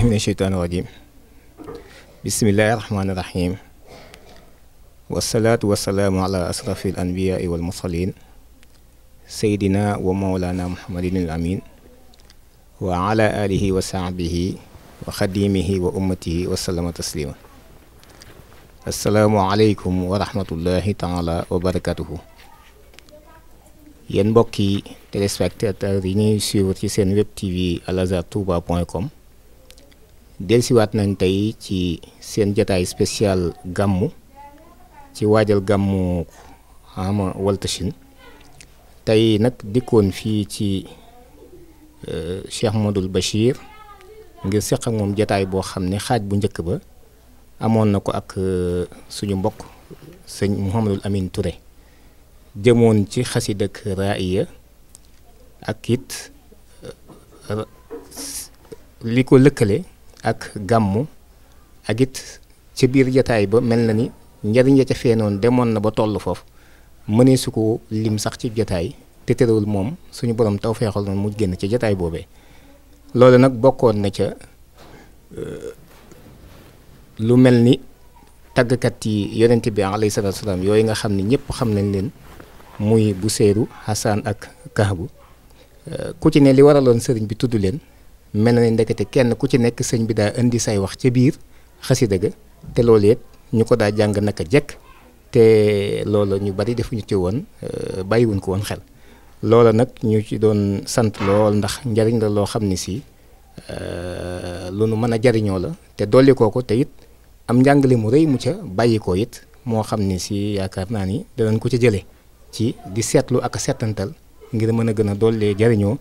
billahi min asheytaani rajim bismillahi rahmaani rahim wasalaatu wasalaamu ala asrafi al anbiyaai wal mursalin seydina wa mawlana muhammadin al amin wa ala alihi wa sahbihi wa xadimihi wa ummatihi wa sallama taslima asalaamualeykum wa rahmatullahi taala wa barakatuhu yéen mbokki téléspectateurs yi ñuy suivre ci seen web tv al azhar touba point com delsiwaat nañ tey ci seen jataay special gàmmu ci waajal gàmmu ama waltashin tey nag dikkoon fii ci euh, Cheikh Modou Bachir ngir seq moom jataay boo xam ne xaaj bu njëkk ba amoon na ko ak euh, suñu mbokk sëñ Mouhamadul Amin Touré jëmoon ci xasida ak raaya ak it euh, li ko lëkkale ak gàmmu ak it ca biir jataay ba mel na ni njariñ ya ca feenoon demoon na ba toll foofu mënee su ko lim sax ci jataay te terewul moom suñu borom taw feexal noonu mu génn ci jataay boobee loolu nag bokkoon na ca euh, lu mel ni tàggkat yi yonent bi alayhi salaatu salaam yooyu nga xam ne ñëpp xam nañ leen muy bu seeru Hassan ak Kahbu euh, ku ci ne li waraloon sëriñ bi tudd leen mel na ne ndekete kenn ku ci nekk sëñ bi daa indi say wax ca biir xasida ga te loolu it ñu ko daa jàng naka jekk te loolu ñu bari defuñu ci woon euh, bàyyiwuñ ko woon xel loola nag ñu ci doon sant lool ndax njariñ la loo xam ne si euh, lu nu mën a jariñoo la te dolli koo ko te it am njàngale mu rëy mu ca bàyyi it moo xam ne si yaakaar naa ni danañ ko ci jëlee ci di seetlu ak seetantal ngir mën a gën a dollee jariñoo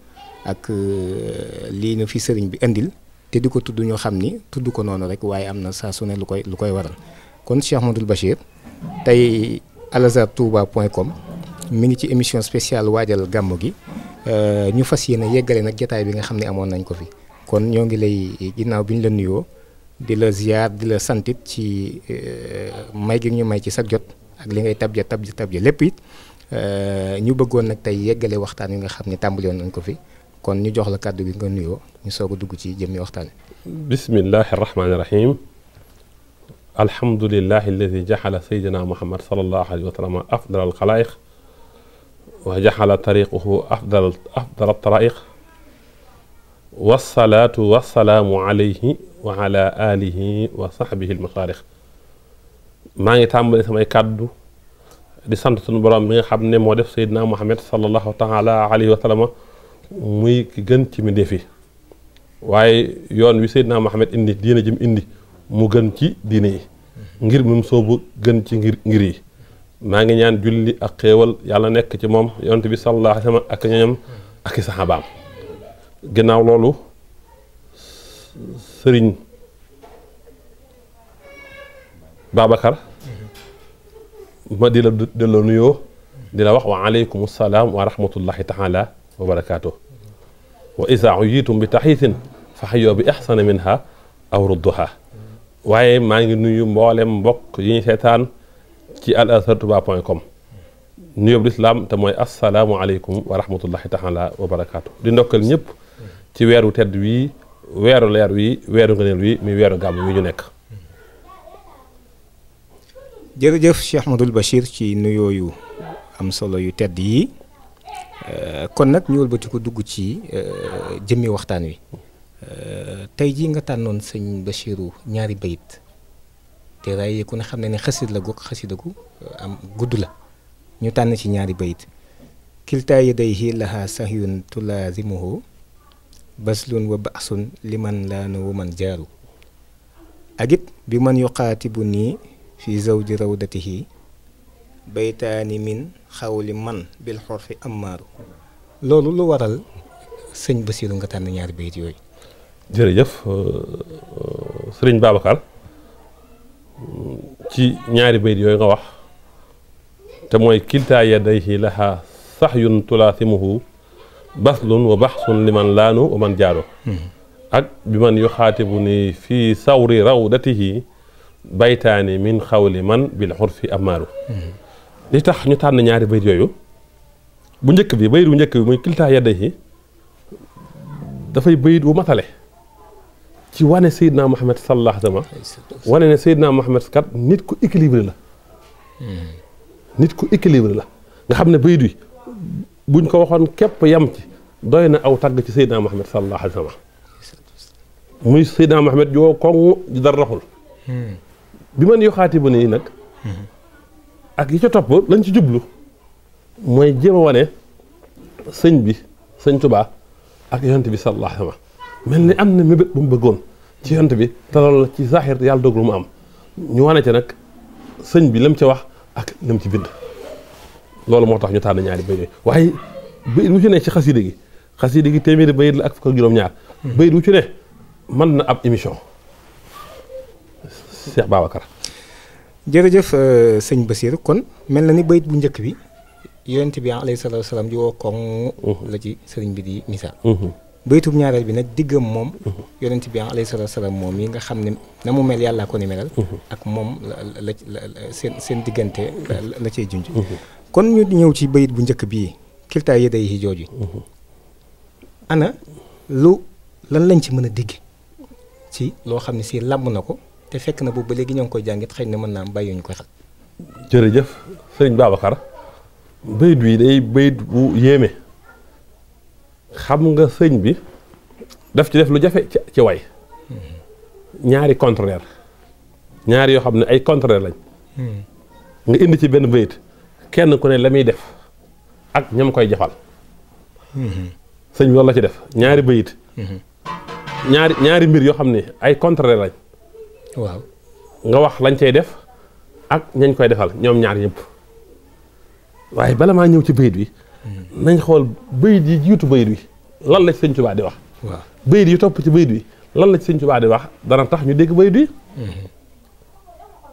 ak euh, lii na fi sëriñ bi indil te di ko tudd ñoo xam ni tudd ko noonu rek waaye am na saa su ne lu koy lu koy waral kon Cheikh Ahmadoul Bachir tey alazar touba point comme mi ngi ci émission spéciale waajal gàmmu gi euh, ñu fas yéene yeggale nag jataay bi nga xam ne amoon nañ ko fi kon ñoo ngi lay ginnaaw bi ñu la nuyoo di la ziar di la santit ci euh, may gi ñu may ci sa jot ak li ngay tabja tabja tabja lépp it ñu bëggoon nag tey yeggale waxtaan wi nga xam ne tàmbali nañ ko fi kon ñu jox la kàddu gi nga nuyoo ñu soog a dugg ci jëmmi waxtaane bismillahi rahmaani rahim alhamdulilahi alladi jaxala saydina muhammad salallahu alayhi wa sallam afdal alxalaayiq wa jaxala tariquhu afdal afdal altaraiq wasalaatu wasalaamu alayhi wa ala alihi wa saxbihi almasaarix maa ngi tàmbali samay kàddu di sant sunu borom bi nga xam ne moo def saydina muhammad salallahu taala alayhi wa sallama muy ki gën ci mbindéef fi waaye yoon wi Seydina Muhammad indi diine jëm indi mu gën ci diine yi ngir mu soobu gën ci ngir ngir yi maa ngi ñaan julli ak xéewal yàlla nekk ci moom yonent bi sallallahu alayhi wasallam ak ñoñam ak i saxaabaam ginnaaw loolu sëriñ Babacar ma di la delloo nuyoo di la wax wa aleykum salaam wa rahmatullahi taala wa barakaatuh wa bi taxiisin fa xayoo bi ixsana minha aw rudduha waaye maa ngi nuyu mboolem mbokk yi ñu seetaan ci al azhar touba point te mooy asalaamualeykum wa rahmatullahi taala wa di ndokkal ñépp ci weeru tedd wii weeru leer wii weeru ngëneel wii muy weeru gàmm wi ñu nekk jërëjëf Cheikh Ahmadul ci nuyooyu am solo yu tedd yi Euh, kon nag ñu wëlbati ko dugg ci euh, jëmmi waxtaan wi euh, tey jii nga tànnoon sëñ Bachirou ñaari bayit te raay ku ne xam ne ni xasid la goog xasida gu am gudd la ñu tànn ci ñaari bayit kiltaa yadayhi lahaa sahyun tulaazimuhu baslun wa man liman laanu wa man jaaru agit bi man bu nii fi zawji rawdatihi baytaani min xawli man bil xorfi ammaaru loolu lu waral sëñ Basiiru nga tànn ñaari bayit yooyu jërëjëf euh, euh, sëriñ Babacar ci ñaari bayit yooyu nga wax te mooy kiltaa yadayhi laha sax yun tulaasimuhu baslun wa baxsun liman laanu wa man jaado hmm. ak bi man yu xaatibu ni fii sawri rawdatihi baytaani min xawli man bil xurfi amaaru hmm. li tax ñu tànn ñaari bayit yooyu bu njëkk bi bayit bu njëkk bi muy kiltaa yadda yi dafay bayit wu matale ci wane Seydina Muhammad sallallahu alayhi wa wane ne Seydina Muhammad kat nit ku équilibré la ku équilibré la nga xam ne bayit wi buñ ko waxoon képp yam ci doy na aw tàgg ci Seydina Muhammad sallallahu muy Seydina Muhammad joo koŋ dara raxul hmm. bi man yoxaati ba nii nag hmm. ak yi ca topp lañ ci jublu mooy jéem wane sëñ bi sëñ tubaa ak yonent bi sallallahu alayhi wa sallam mel ni am na mébét bu mu bëggoon ci yonent bi te loolu la ci saaxir yàlla lu mu am ñu wane ca nag sëñ bi lam ca wax ak lam ci bind loolu moo tax ñu tànn ñaari bayit yooyu waaye bayit wu ci ne ci xasida gi xasida gi téeméeri bayit la ak fukk ak juróom-ñaar hmm. bayit wu ci ne mën na ab émission Cheikh Babacar jërëjëf euh, sëñ Basiir kon mel na ni bayit bu njëkk bi yonent bi alayhi salaatu wasalaam ji woo koŋ mhm. la ci sëriñ bi di misaal mhm. baytub ñaareel bi nag diggam moom mhm. yonent bi alayhi salaatu wasalaam moom yi nga xam ne na mu mel yàllaa ko ni melal ak moom la seen seen diggante la cey junj kon ñu ñëw ci bayit bu njëkk bii kiltaa yi day yi jooju ana lu lan lañ ci mën a digg ci loo xam ne si làmb na ko te fekk na boobu ba léegi ñoo ngi koy jàngit xëy na mën naa am bàyyiwuñu ko xel. jërëjëf sëriñ Babacar bayit wi day bayit bu yéeme xam nga sëñ bi daf ci def lu jafe ci way ñaari contraire ñaari yoo xam ne ay contraire lañ nga indi ci benn bayit kenn ku ne la muy def ak ñam koy jafal sëñ bi loolu la ci def ñaari bayit mhm. ñaari ñaari mbir yoo xam ne ay contraire lañ waaw nga wax lañ cay def ak ñañ koy defal ñoom ñaar ñëpp waaye bala maa ñëw ci bayit bi hmm. nañ xool bayit yi jiitu bayit bi lan la ci sëñ Tuubaa di wax waaw yi topp ci bayit bi lan la ci sëñ Tuubaa di wax dana tax ñu dégg bayit bi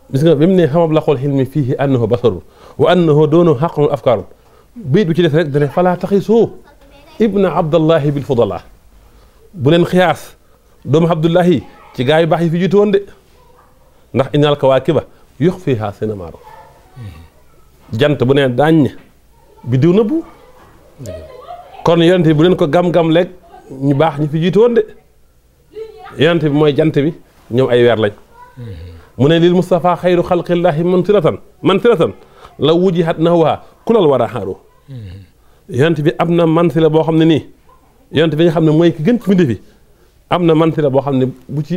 bis hmm. nga bi mu ne xamab la xool xilmi fii annahu basarun wa annahu doonu xaqun afkaarun bayit bi ci def rek dane falaa taxisoo ibna abdallahi bil fudala bu leen xiyaas doomu abdullahi ci gaa baax yi fi jiitu woon de ndax waa innal kawaakiba yuxfiihaa sinamaaru jant bu ne daaññ bi diw nëbbu kon yonent bi bu leen ko gam-gam leeg ñu baax ñu fi jiitu woon de yonent bi mooy jant bi ñoom ay weer lañ mu ne lil Moustapha xayru xalqillaahi mantiratan mantiratan la wujihat nahwaha kulal war a xaaru yonent bi am na mantila boo xam ne nii yonent bi nga xam ne mooy ki gën ci mbindéef yi am na mantila boo xam ne bu ci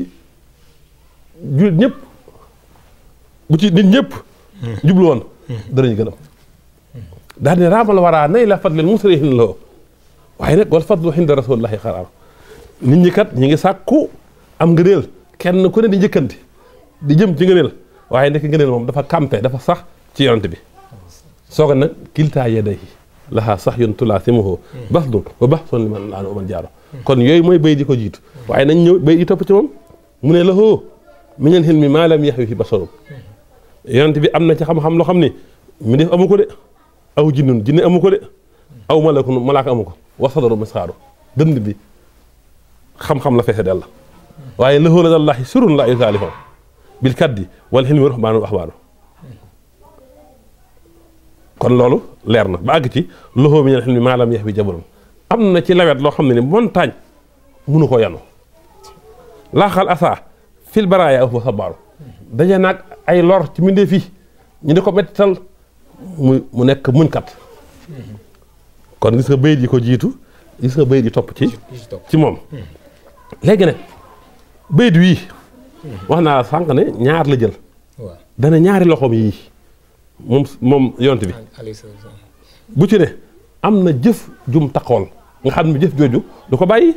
jullit ñépp bu ci nit ñëpp. jublu woon. danañ gën a. daal di ne raamal waraa nay la fadlil musrihin loo waaye nag wal fadlu hinda rasulillahi xaraam nit ñi kat ñi ngi sàkku am ngëneel kenn ku ne di njëkkanti di jëm ci ngëneel waaye nekk ngëneel moom dafa campé dafa sax ci yonent bi sooga nag kiltaa yeddayi lahaa sax yun tulaa simaho bas dun ba bax soon li man laanu uman jaaro kon yooyu mooy mu ne lahoo mi maa lam yax yu yonent bi am na ci xam-xam loo xam ni mi def amu ko de aw jinnun jinne amu ko de aw malakun malaaka amu ko wasadaru misxaaru dënd bi xam-xam la fexe dell waaye lahu la dallahi surun la yusaalifa bil kaddi wal xilmi ruhbaanu axbaaru kon loolu leer na ba àgg ci lahu minal xilmi maa lam bi jabalun am na ci lawet loo xam ne ni montagne mënu ko yanu laaxal asa fil baraaya aw fa sabaaru daje naag ay lor ci mbindeef fi ñu di ko mettital mu mu nekk muñkat kon gis nga bayit yi ko jiitu gis nga bayit yi topp ci ci moom léegi nag bayit wii wax naa sànq ne ñaar la jël dana ñaari loxoom yii moom moom yonent bi bu ci ne am na jëf jum taxool nga xam ne jëf jooju du ko bàyyi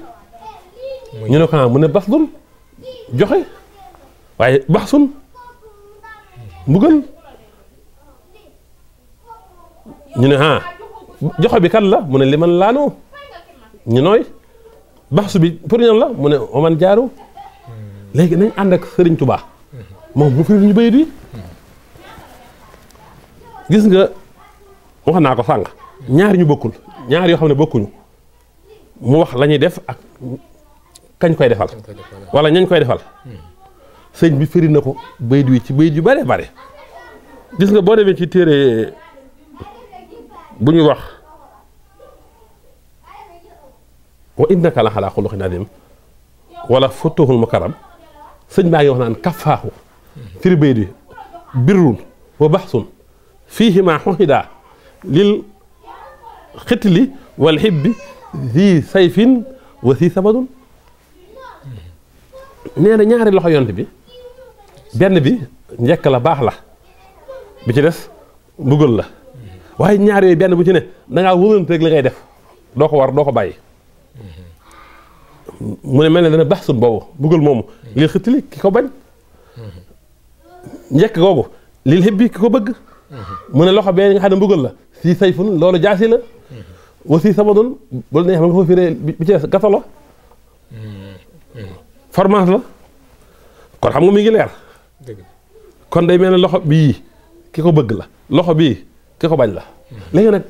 ñu ne ko ah, mu ne bas joxe waaye bax sun mbugal ñu ne ah joxe bi kan la mu ne liman laanu ñu nooy baxsu bi pour la mu ne oman jaaru léegi nañ ànd ak sëriñ Tuubaa moom mu fi ñu yi gis nga wax naa ko sànq ñaar ñu bokkul ñaar yoo xam ne bokkuñu mu wax la ñuy def ak kañ koy defal wala ñañ koy defal hmm. sëñ bi firi na ko bayit wi ci bayit yu bare bare gis nga boo demee ci téere bu ñu wax wa innaka la xalaa xuluqin adim wala futuhul mukaram sëñ baa ngi wax naan kafaaxu firi bayit wi birrun wa baxsun fiihima xuxidaa lil xitli wal xibbi si sayfin wa si sabadun nee na ñaari loxo yont bi benn bi njekk la baax la bi ci des mbugal la waaye ñaar yooyu benn bu ci ne da ngaa wërante ngay def doo ko war doo ko bàyyi mu ne mel ne dana baax suñ boobu mbugal moomu lii xitili ki ko bañ njekk googu lii xibbi ki ko bëgg mu ne loxo bee nga xam ne mbugal la say sayfun loolu jaasi la aussi samadun bu la neex ma nga foo firee bi ci des gasalo mm-hmm. formace la kon xam nga mi ngi leer kon day mel ne loxo bii ki ko bëgg la loxo bii ki ko bañ la léegi nag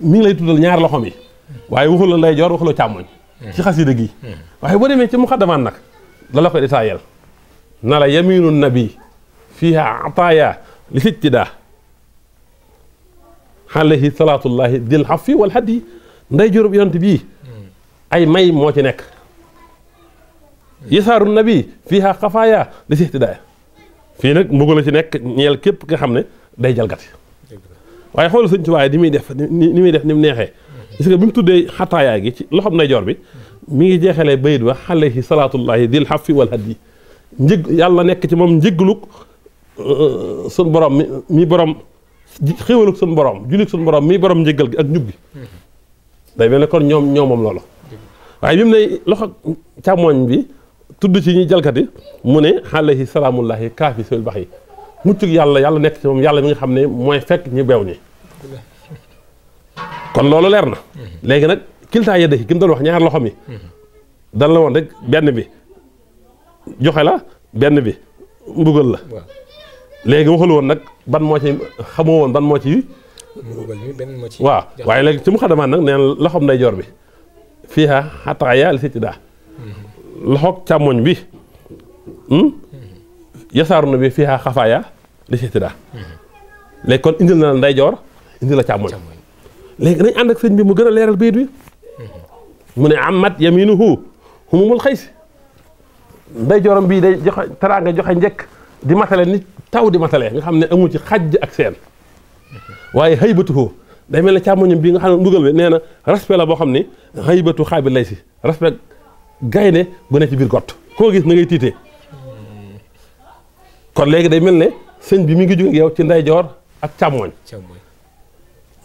mi ngi lay tuddal ñaar loxo mi waaye waxula lay joor waxula càmmoñ ci xasida gi waaye boo demee ci muxaddamaan nag la la koy détaayal na la yaminu nabi fiha ataaya li ijtidaa alayhi salaatullahi dil xafi wal hadi nday jorób yonent bii ay may moo ci nekk yasaaru nabi fiha xafaaya li ijtidaa fii nag mbugal la ci nekk ñeel képp nga xam ne day jalgati waaye xool sëñ Tuubaa di muy def ni muy def ni mu neexee gis bi mu tuddee xataayaay gi ci loxoom ndeyjoor bi mi ngi jeexalee bayit wa alayhi salaatullahi dil fi wal hadyi njëg yàlla nekk ci moom njëggalug euh, sun borom mi mi borom xéwalug sun borom julig sun borom mi borom njëggal gi ak njub day mel ne kon ñoom ñoom moom loolu waaye bi mu ne loxo càmmoñ bi tudd ci ñi jalkati mu ne alayhi salaamullahi kaafi sil bax yi muccug yàlla yàlla nekk ci moom yàlla mi nga xam ne mooy fekk ñu beew ñi kon loolu leer na léegi nag kiltaa yedde ki ki doon wax ñaar loxo mi dal la woon rek benn bi joxe la benn bi mbugal la léegi waxul woon nag ban moo ci xamoo woon ban moo ci waaw waaye léegi ci mu xadamaan nag neen loxom nday joor bi fii a xattaaya li si ci daa mhm. loxoog càmmoñ bi hmm? yasaaru na bi fiihaa xafaaya li sitida léegi kon indil na la ndeyjoor indil la càmmoñ léegi nañ ànd ak sëñ bi mu gën a leeral bayit bi mu ne amat yaminuhu humumul xays ndeyjooram bii day joxe teraanga joxe njekk di matale nit taw di matale nga xam ne amu ci xajj ak seen waaye haybatuhu day mel ne càmmoñam bii nga xam ne mbugal bi nee na respect la boo xam ni haybatu xaabi lay si respect gaynde bu ne ci biir gott koo gis na ngay tiite kon léegi day mel ne sëñ bi mu ngi jóge yow ci ndeyjoor ak càmmooñ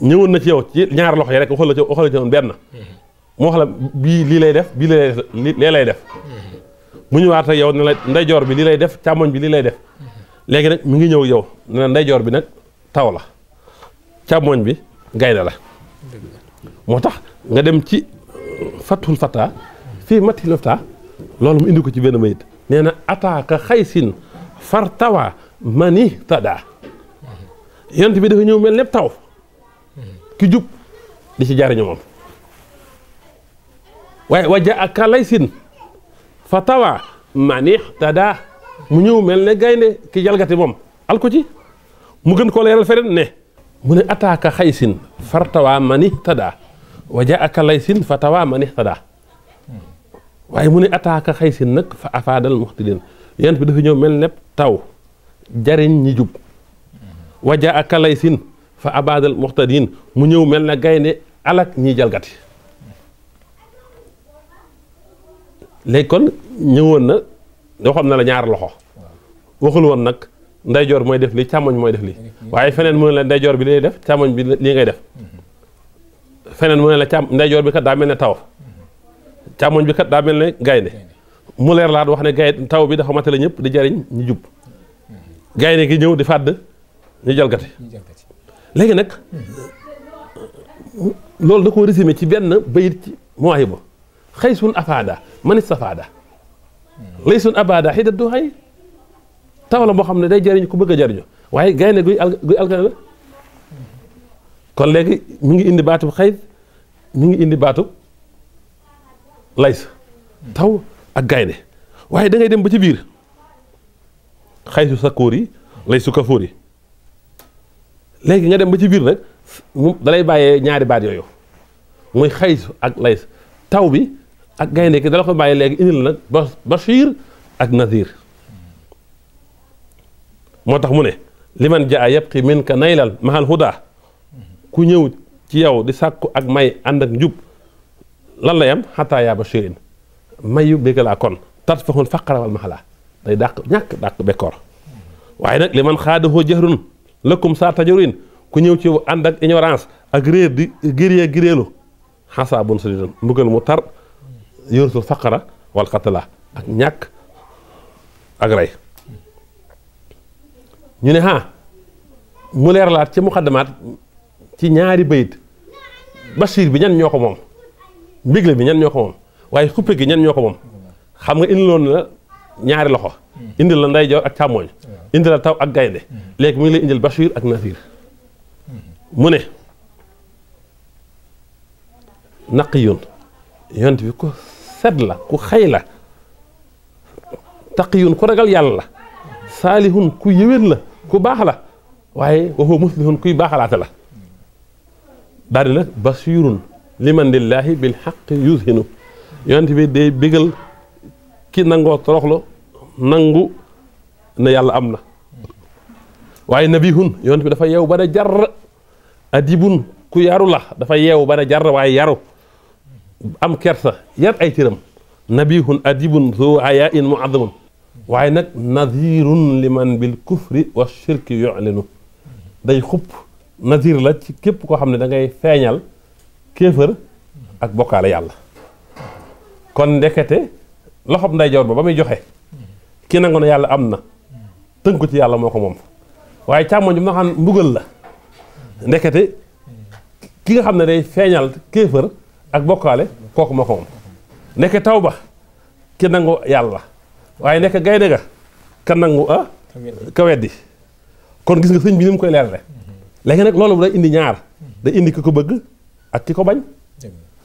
ñëwoon na ci yow ci ñaar loxo yi rek waxal la ci la ci woon benn mm-hmm. mu wax la bii lii lay def bii lay lee lay def mm-hmm. mu ñëwaat ak yow ne la ndeyjoor bi lii lay def càmmoñ bi lii lay def mm-hmm. léegi nag mu ngi ñëw yow ne la ndeyjoor bi nag taw la càmmoñ bi gaynde la moo tax nga dem ci fatul fata fii matti lofta loolu mu indi ko ci benn mayit nee na ataaka xaysin fartawa mani tada yonent bi dafa ñëw mel nepp taw ki jub di ci jaariñu moom waaye wajja ak ka laysin fa tawa mani tada mu ñëw mel ne gaynde ki jalgati moom al ci mu gën koo leeral feneen ne mu ne ataaka xaysin fartawa mani tada wajja ak ka laysin fa tawa mani tada waaye mu ne attaque xay sin nag fa afaadal muxtidin yent bi dafa ñëw mel nepp taw jariñ ñi jub waja ak kalay sin fa abaadal muxtadin mu ñëw mel na gaynde alak ñiy jalgati léegi kon ñëwoon na waxoon na la ñaar loxo waxul woon nag ndeyjoor mooy def lii càmmoñ mooy def li waaye feneen mu ne la ndeyjoor bi lay def càmmoñ bi lii ngay def feneen mu ne la càmm ndeyjoor bi kat daa mel ne taw càmmoñ bi kat daa mel ne gaynde mu leer laat wax ne gay taw bi dafa matale ñëpp di jariñ ñu jub gaynde gi ñëw di fàdd ñu jalgati léegi nag loolu da koo résumé ci benn bayit ci Mawaahibu xëy sun afaada man istafaada lay sun abaada xida du xay taw la boo xam ne day jariñ ku bëgg a jariñu waaye gaynde guy al guy alkane la kon léegi mu ngi indi baatu xëy mu ngi indi baatub lays taw ak gaynde waaye dangay dem ba ci biir xaysu sakkoor yi lay su kafóor yi léegi nga dem ba ci biir nag mu dalay bàyyee ñaari baat yooyu muy xaysu ak lays taw bi ak gaynde ki dala ko bàyyi léegi indil nag ba bashir ak nasiir moo tax mu ne liman jaa yabqi min ka naylal mahal huda ku ñëw ci yow di sàkku ak may ànd ak njub lan lay am xataa yaaba shirin mayu bégga laa kon tat faxun faqarawal maxalaa day dàq ñàkk dàq bekkoor waaye nag li man xaadahoo jahrun lëkkum saa tajorin ku ñëw ci ànd ak ignorance ak réer di gérée géréelu xasaa bun sa didan mbugal mu tar yórusul faqara wal xatala ak ñàkk ak rey ñu ne ah mu leerlaat ci muqaddamaat ci ñaari bayit basiir bi ñan ñoo ko moom mbigle bi ñan ñoo ko moom waaye xuppe gi ñan ñoo ko moom xam nga indi loon ñaari loxo hmm. indil la nday joor ak càmmooñ hmm. indil la taw ak gaynde hmm. léegi mu ngi lay indil Bachir ak Nasir mu ne naq yoon yont bi ku sedd la ku xay la taq yoon ku ragal yàlla la saalihun ku yëwén la ku baax la waaye waxoo muslihun kuy baaxalaate la daal di nag Bachirun limandillaahi bil xaq yuzhinu yonent bi day bégal ki nangoo toroxlu nangu ne yàlla am na waaye nabihun yonent bi dafa yeew ba ne jar adibun ku yaru la dafa yeew ba ne jar waaye yaru am kersa yar ay tiram nabihun adibun zu ayaa in muadamun waaye nag nadirun liman bil kufri wa shirki yu'linu day xupp nadir la ci képp koo xam ne dangay ngay feeñal kéefër ak bokkaale yàlla kon ndekete loxob ndeyjoor ba ba muy joxe ki nangu na yàlla am na ko ci yàlla moo ko moom waaye càmmoñ bi nga xam mbugal la ndekete ki nga xam ne day feeñal kéefër ak bokkaale kooku moo ko moom nekk taw ba ki nangu yàlla waaye nekk gaynde ga ka nangu ah ka weddi kon gis nga sëñ bi ni mu koy leerale léegi nag loolu day indi ñaar day indi ki ko bëgg ak ki ko bañ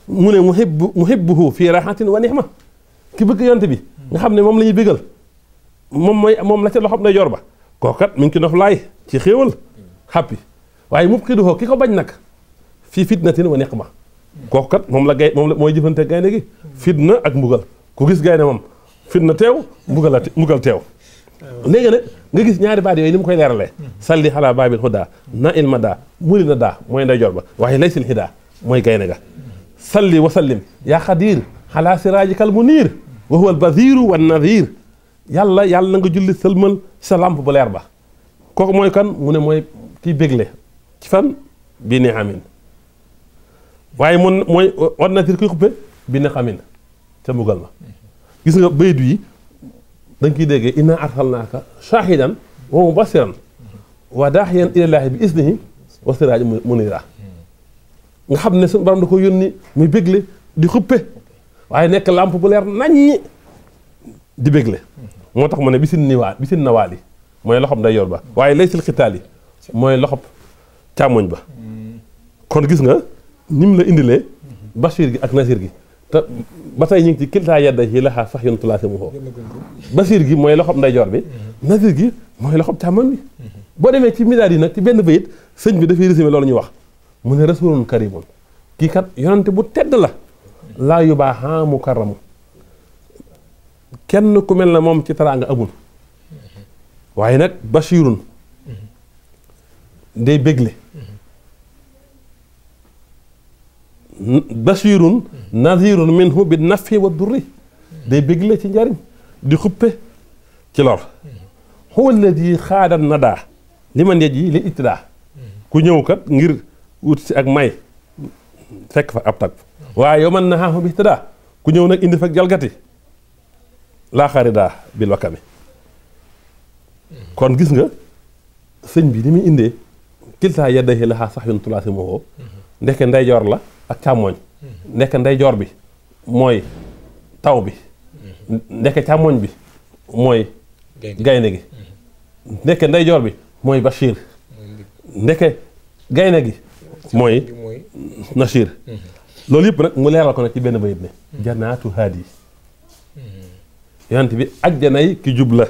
mu ne muhibbu muhibbuhu fii raxatin wa nihma ki bëgg yonte bi nga xam ne moom la ñuy bégal moom mooy moom la ca loxoom day yor ba kookat mu ngi ci nof laay ci xéewal xàppi waaye mubxiduhu ki ko bañ nag fii fitnatin wa niqma kookat moom la gay moom la mooy jëfante gaynde gi fitna ak mbugal ku gis gaynde moom fitna teew mbugal mbugal teew léegi nag nga gis ñaari baat yooyu ni mu koy leeralee hmm. salli xalaa baabil hudaa na ilma daa muri na daa mooy nday mooy gaynde ga salli wa sallim yaa xadir xalaa siraajikal muniir wa huwa al yàlla yàlla na nga julli sëlmal sa làmp bu leer ba kooku mooy kan mu ne mooy kiy bégle ci fan bii ne amin waaye mun mooy wan nadir kuy xuppe bi ne xamin ca mbugal ma gis nga baydu yi da nga koy déggee arsalnaaka shahidan wa mubasiran wa daaxiyan ilallaahi bi isnihi wa siraaj munira nga xam ne suñu borom da ko yónni muy bégle di xuppe waaye nekk làmp bu leer naññi di bégle moo tax mu ne bisin niwaa bisin nawaali mooy loxob ndeyjoor ba waaye lay sil xitaal yi mooy loxob càmmoñ ba kon gis nga nim la indilee basiir gi ak nasir gi te ba tey ñu ngi ci kiltaa yedda yi laxaa sax yun tulaasi mu foofu basiir gi mooy loxob ndeyjoor bi nasir gi mooy loxob càmmoñ bi boo demee ci midaad yi nag ci benn bayit sëñ bi dafay résumé loolu ñu wax mu ne rasulun karimun kii kat yonante bu tedd la laa yu baa xaa mukarramu kenn ku mel na moom ci teraanga amul waaye nag bashirun day bégle bashirun nazirun minhu bi nafi wa durri day bégle ci njariñ di xuppe ci lor huwa alladi xaadan nadaa li ma ndeej yi li ittidaa ku ñëw kat ngir wut si ak may fekk fa ab tag waaye yow man na xaafa bi tëddaa ku ñëw nag indi fa jalgati laa xari daa bi lokkami kon gis nga sëñ bi ni muy indee kiltaa yeddayi la xaa sax yun tulaa si moo ndekk ndeyjoor la ak càmmooñ ndekk ndeyjoor bi mooy taw bi ndekk càmmoñ bi mooy gaynde gi ndekk ndeyjoor bi mooy Bachir ndekk gaynde gi mooy Nasir. Mhm. loolu yëpp nag mu leeral ko nag ci benn bayit ne janaatu haadi mhm. yonent bi ajjanay ki jub la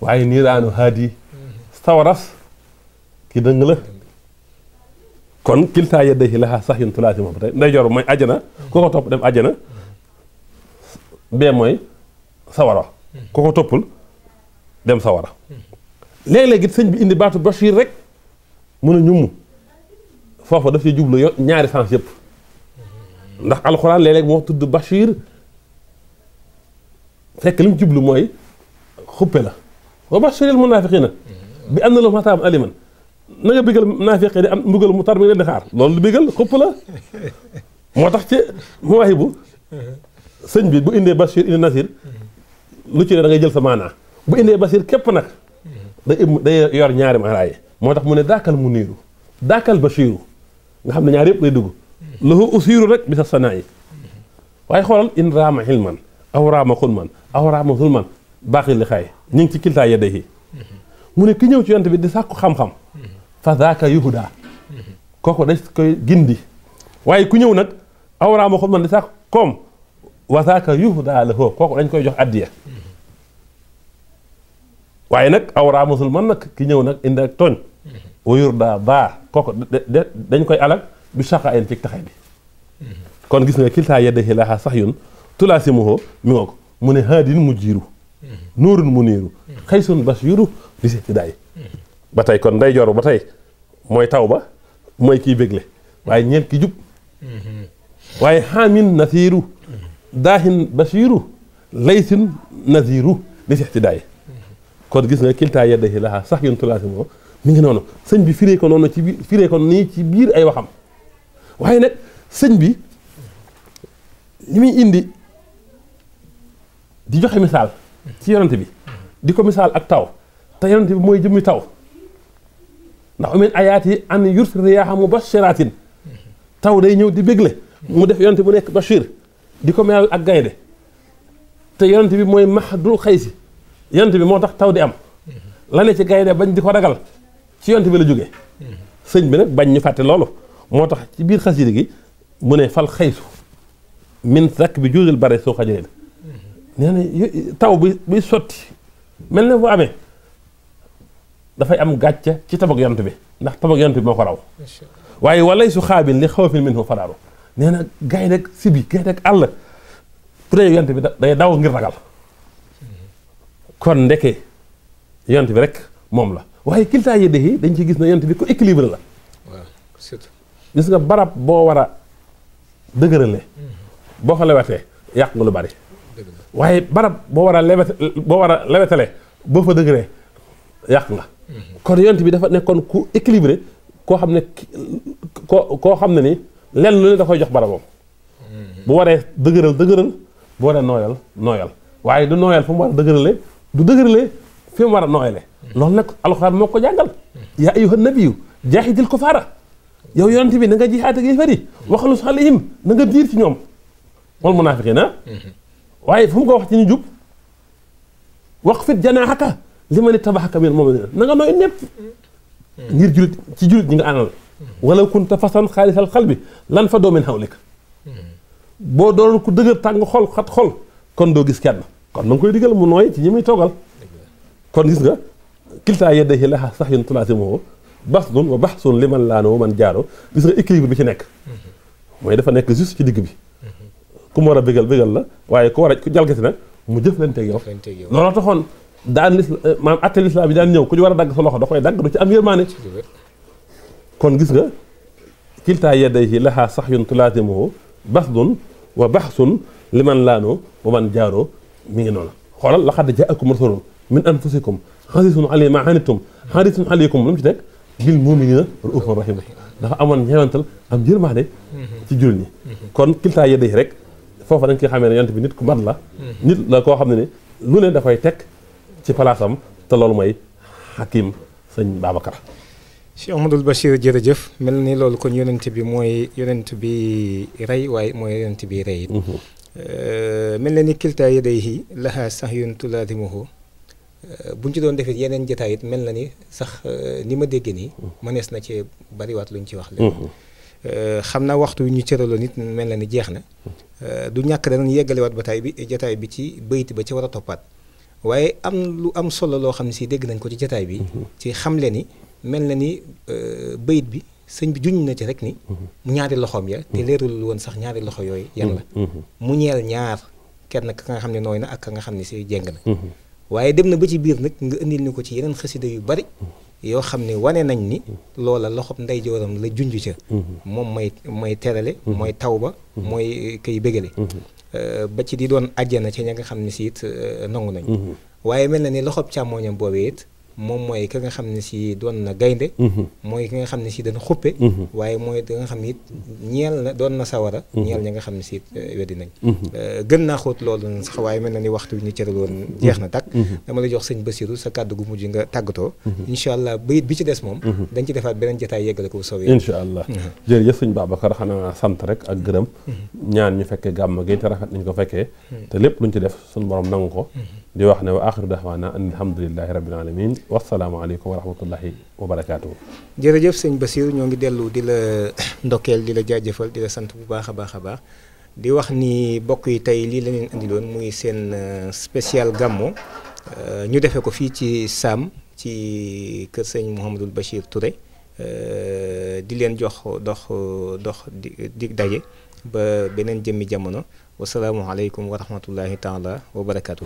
waaye niiraanu haadi mhm. sawaras ki dëng la kon kiltaa yadayhi lahaa sax yun tulaasi moom tey nday jor mooy ajjana ku ko topp dem ajjana bee mooy sawara ku ko toppul dem sawara léeg-léeg sëñ bi indi baatu bashir rek mun a ñumm foofa daf ci jublu ñaari sens yëpp ndax alxuraan léeg-léeg moo tudd Bachir fekk li jublu mooy xuppe la wa bashiril munaafiqiina bi am na la mataam na nga bégal naafiqi di am mbugal mu tar mi leen di xaar lu bégal xupp la moo tax ci Mawaahibu sëñ bi bu indee Bachir indi Nasir lu ci ne da ngay jël sa maanaa bu indee Bachir képp nag day day yor ñaari maanaa yi moo tax mu ne daakal mu niiru daakal Bachiru nga xam ne ñaar yëpp lay dugg lahu usiiru rek bi sa waaye xoolal in raama xilman aw raama xulman aw raama xulman baaxi li xaay ñu ci kiltaa yedde yi mu ne ki ñëw ci yonte bi di sàkku xam-xam fa zaaka yuhuda kooku dañ koy gindi waaye ku ñëw nag aw raama xulman di sàkku koom wa zaaka yuhuda la foofu kooku dañ koy jox addiya waaye nag aw raama xulman nag ki ñëw nag indi ak tooñ wa yurda baax kooku dañ koy alag bi saqa ayn ci taxay bi kon gis nga kiltaa yeddahi laha sax yu tulaa si muhoo mi nga ko mu ne haadin mu jiiru nuurun mu niiru xaysun bas yuru di si daay ba tey kon nday joor ba tey mooy taw ba ki jub waaye xaamin nasiiru daahin basiiru laysin gis nga kiltaa yeddahi laha sax yun tulaa si muhoo mi ngi noonu sëñ bi firee ko noonu ci biir firee ko nii ci biir ay waxam waaye nag sëñ bi li muy indi di joxe misaal ci yonante bi di ko misaal ak taw te yonante bi mooy jëmmi taw ndax umin ayaat yi an yursil riyaaha mubashiratin taw day ñëw di bégle mu def yonante bu nekk bashir di ko meew ak gaynde te yonante bi mooy mahdul xaysi yonante bi moo tax taw di am la ne ci gaynde bañ di ko ragal ci yonte bi la jóge mm-hmm. sëñ bi nag bañ ñu fàtte loolu moo tax ci biir xasida gi mu ne fal xaysu min rakk bi juusal bare soo xajaleen mm-hmm. nee na taw bi buy sotti mel ne bu amee dafay am gàcce ci tabak yont bi ndax tabak yont bi moo ko raw waaye walay su xaabin li xawafin min fu faraaru nee na gaynde nag sibi gaay nag àll bu dee yont bi day daw ngir ragal mm-hmm. kon ndeke yont bi rek moom la waaye kiltaa yi dëkk dañ ci gis na yonent bi ko équilibre la. waaw surtout. gis nga barab boo war a dëgërale. boo ko lewetee yàq nga lu bari. waaye barab boo war boo war a lewetale boo fa dëgëree yàq nga. Mhm. kon yonent bi dafa nekkoon ku équilibré koo xam ne koo xam ne ni lenn lu ne da koy jox barabam. Mhm. bu waree dëgëral dëgëral bu waree nooyal nooyal waaye du nooyal fu war a dëgërale du dëgërale fi war a nooyale. loolu nag alxuraan moo ko jàngal yaa ayyuhan nabiyyu ko kufaara yow yonent bi na nga jihaad ak yéefar yi waxalus alayhim na nga biir ci ñoom wal munaafiqiina waaye fu mu ko wax ci ñu jub waqfid janaaxaka limani tabaxaka minal mu'miniina na nanga nooy ñëpp ngir julit ci julit ñi nga àndal wala kunta fasan xaalisal xal bi lan fa doo min hawlik boo doon ku dëgër tàng xol xat xol kon doo gis kenn kon ma ngi koy digal mu nooy ci ñi muy toogal kon gis nga kiltaa yeddayi laxa sax yun tulaasimoo basdun wa baxsun li man laano man jaaro gis nga équilibre bi ci nekk mooy dafa nekk juste ci digg bi ku mu war a bégal bégal la waaye ku war a ku jalgati mu jëf leen teeg yow looloo taxoon daan eh, maam atte lislaam bi daan ñëw ku ñu a dagg sa loxo da koy dagg du ci am yërmaane kon gis nga kiltaa yeddayi laxa sax yun tulaasimoo basdun wa baxsun li man laano wa man jaaro mi ngi noonu xoolal laqad jaakum rasulun min anfusikum xarisun alay ma anittum xarisun alaykum lu mu ci teg bil muminina raufun rahim dafa amoon ñeewantal am yërmaande ci jullit ñi kon kiltaa yedda yi rek foofa dañ koy xamee ne yonent bi nit ku mat la nit la koo xam ne ne lu ne dafay teg ci palaasam te loolu mooy xakim sëñ Babacar Cheikh Amadou Bachir jërëjëf mel ni loolu kon yonent bi mooy yonent bi rey waaye mooy yonent bi rey it mhm. mel na ni kiltaa yedda yi lahaa sax yun tulaadimuhu buñ ci doon defee yeneen jotaay mel na ni sax euh, ni ma déggee nii. Mm-hmm. mënees na cee bariwaat luñ ci wax. Mm-hmm. Euh, xam na waxtu wi ñu cëraloon nit mel na ni jeex na. Euh, du ñàkk danañ yeggalewaat bataay bi jotaay bi ci bayit ba ci war a toppaat. waaye am lu am solo loo xam ne si dégg nañ ko ci jotaay bi. Mm-hmm. ci xamle ni mel na ni bayit bi sëñ bi juñ na ci rek ni. mu ñaari loxoom ya. te leerul woon sax ñaari loxo yooyu. yan la mu ñeel ñaar kenn ka nga xam ne nooy na ak ka nga xam ne si jeng na. waaye dem na ba ci biir nag nga indi ni ko ci yeneen xasida yu bari yoo xam ne wane nañ ni loola loxob ndeyjooram la junj ca moom mooy mooy terale mooy taw ba mooy kay bégale euh, ba ci di doon àjjana ci ña nga xam ne siit it euh, nangu nañ mm-hmm. waaye mel na ni loxob càmmooñam boobee it moom mooy ki nga xam ne si doon na gaynde mhm. mooy ki nga xam ne si dana xuppe mhm. waaye mooy ki nga xam ne it ñeel na doon na sawara mhm. ñeel ñi nga xam ne si eh, weddi nañ euh, gën naa xóot loolu sax waaye mel na ni waxtu bi ñu cëral woon jeex na takk dama la jox sëñ Basiru sa kàddu gu mujj nga tàggatoo incha allah bayit bi ci des moom dañ ci defaat beneen jotaay yeggale ko bu soobee incha allah jërëjëf sëñ Babacar xanaa sant rek ak gërëm ñaan ñu fekkee gàmm gi te rafet nañ ko fekkee te lépp luñ ci def suñu borom nangu ko di wax ne wa axiru daxwaana an alhamdulilahi rabbil alamin wasalaamaaleykum wa rahmatullahi wa barakaatu. jërëjëf sëñ Basir ñoo ngi dellu di la ndokkeel di la jaajëfal di la sant bu baax a baax a baax di wax ni bokk yi tey lii la leen indiloon muy seen euh, spécial gàmmo euh, ñu defee ko fii ci Sam ci kër sëñ Mouhamadul Bachir Touré euh, di leen jox dox dox di di daje ba beneen jëmmi jamono wasalaamualeykum wa rahmatullahi taala wa barakaatu.